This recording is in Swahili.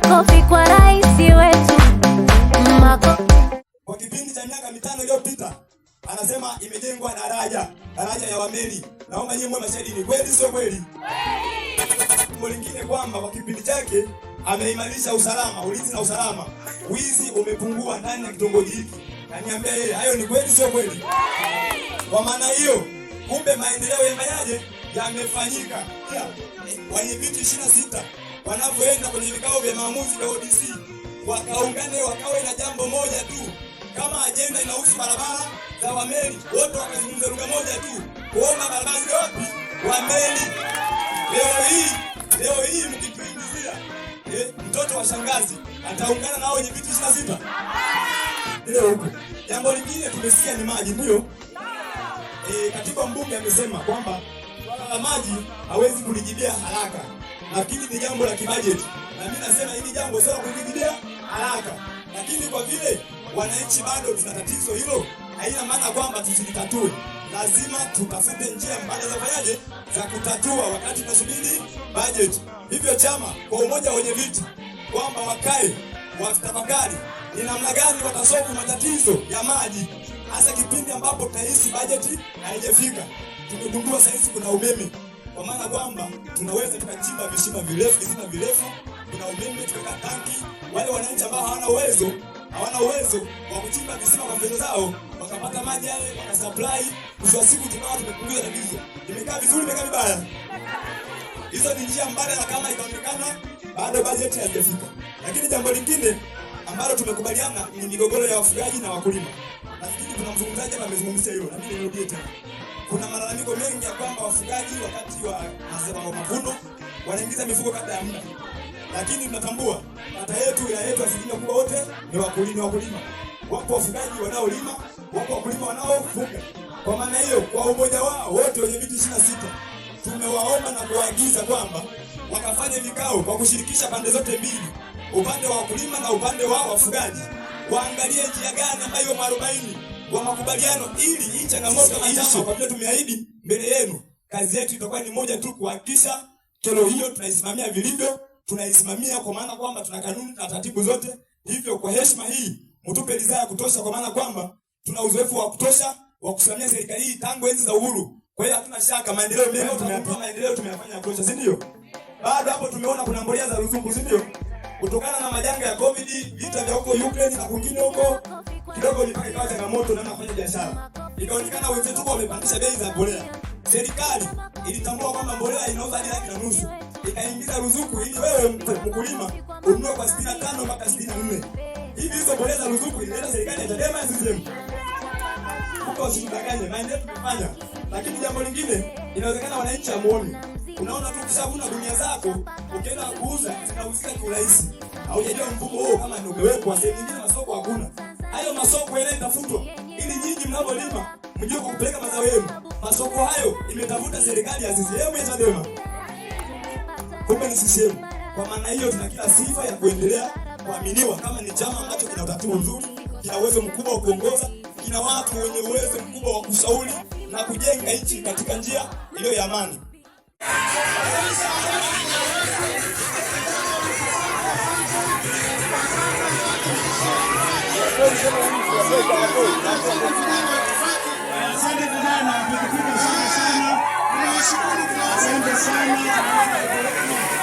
makofi kwa rais wetu. kwa kipindi cha miaka mitano iliyopita anasema imejengwa daraja daraja ya Wameli. Naomba nyinyi mwe mashahidi, ni kweli sio kweli? Jambo lingine kwamba kwa kipindi chake ameimarisha usalama, ulinzi na usalama, wizi umepungua ndani ya kitongoji hiki. Naniambia yeye, hayo ni kweli sio kweli? Kwa maana hiyo, kumbe maendeleo yameaje, yamefanyika. Wenyeviti ishirini na sita wanavyoenda kwenye vikao vya maamuzi vya ODC wakaungane, wakawe na jambo moja tu. Kama ajenda inahusu barabara za Wameli, wote wakazungumza lugha moja tu, kuomba barabara ile wapi Wameli. Leo hii leo hii mkituingizia eh, mtoto wa shangazi ataungana nao wenye vitu sita leo huko. Jambo lingine tumesikia ni maji, ndio eh, katiba mbunge amesema kwamba la maji hawezi kulijibia haraka. lakini ni jambo la kibajeti, na mimi nasema hili jambo sio kulijibia haraka, lakini kwa vile wananchi bado tuna tatizo hilo, haina maana kwamba tusilitatue. Lazima tutafute njia mbadala za fanyaje za kutatua wakati tunasubiri bajeti. Hivyo chama kwa umoja wenye viti kwamba wakae watafakari ni namna gani watasolve matatizo ya maji hasa kipindi ambapo tunahisi bajeti haijafika. Tukigundua sahizi kuna umeme, kwa maana kwamba tunaweza tukachimba visima virefu, visima virefu, kuna umeme, tukaweka tanki. Wale wananchi ambao hawana uwezo, hawana uwezo wa kuchimba visima kwa fedha zao, wakapata maji yale, wakasupply. Mwisho wa siku tukawa tumepunguza tatizo. Imekaa vizuri, imekaa vibaya? Hizo ni njia mbadala, kama ikaonekana bado bajeti haijafika. Lakini jambo lingine ambalo tumekubaliana ni migogoro ya wafugaji na wakulima nafikiri kuna mzungumzaji hapa amezungumzia hilo, lakini nirudie tena. Kuna malalamiko mengi ya kwamba wafugaji wakati wa nasema wa mavuno wanaingiza mifugo kabla ya muda, lakini tunatambua kata yetu, wilaya yetu, asilimia kubwa wote ni wakulima. Wakulima wapo, wafugaji wanaolima wapo, wakulima wanaofuga. Kwa maana hiyo, kwa umoja wao wote wenye viti 26 tumewaomba na kuwaagiza kwamba wakafanye vikao kwa kushirikisha pande zote mbili, upande wa wakulima na upande wa wafugaji waangalie njia gani ambayo mwarobaini wa makubaliano, ili hii changamoto iishe, kwa vile tumeahidi mbele yenu. Kazi yetu itakuwa ni moja tu, kuhakikisha kero hiyo tunaisimamia vilivyo, tunaisimamia kwa maana kwamba tuna kanuni na taratibu zote. Hivyo kwa heshima hii mtupe ridhaa ya kutosha, kwa maana kwamba tuna uzoefu wa kutosha wa kusimamia serikali hii tangu enzi za uhuru. Kwa hiyo hatuna shaka, maendeleo mengi tumeyapata, maendeleo tumeyafanya ya kutosha, si ndio? Baada hapo tumeona kuna mbolea za ruzuku, si ndio? kutokana na majanga ya COVID, vita vya huko Ukraine na kwingine huko kidogo ilipata ikawa changamoto na nafanya biashara. Ikaonekana wenzetu kwa wamepandisha bei za mbolea. Serikali ilitambua kwamba mbolea inauza hadi laki na nusu. Ikaingiza ruzuku ili wewe mkulima ununue kwa 65 mpaka 64. Hivi hizo mbolea za ruzuku ilileta serikali ya Chadema ya CCM. Huko usidanganye, maendeleo tumefanya. Lakini jambo lingine inawezekana wananchi amuone Unaona tu kisha ukishavuna dunia zako, ukienda kuuza zinauzika kiurahisi. Haujajua mfumo huo kama ndio umewekwa sehemu nyingine masoko hakuna. Hayo masoko yale yanatafutwa ili nyinyi mnapolima mjue kupeleka mazao yenu. Masoko hayo imetafuta serikali ya CCM ya Chadema. Kumbe ni CCM. Kwa maana hiyo tuna kila sifa ya kuendelea kuaminiwa kama ni chama ambacho kina utatibu mzuri, kina uwezo mkubwa wa kuongoza, kina watu wenye uwezo mkubwa wa kushauri na kujenga nchi katika njia iliyo ya amani. Sandra Simon,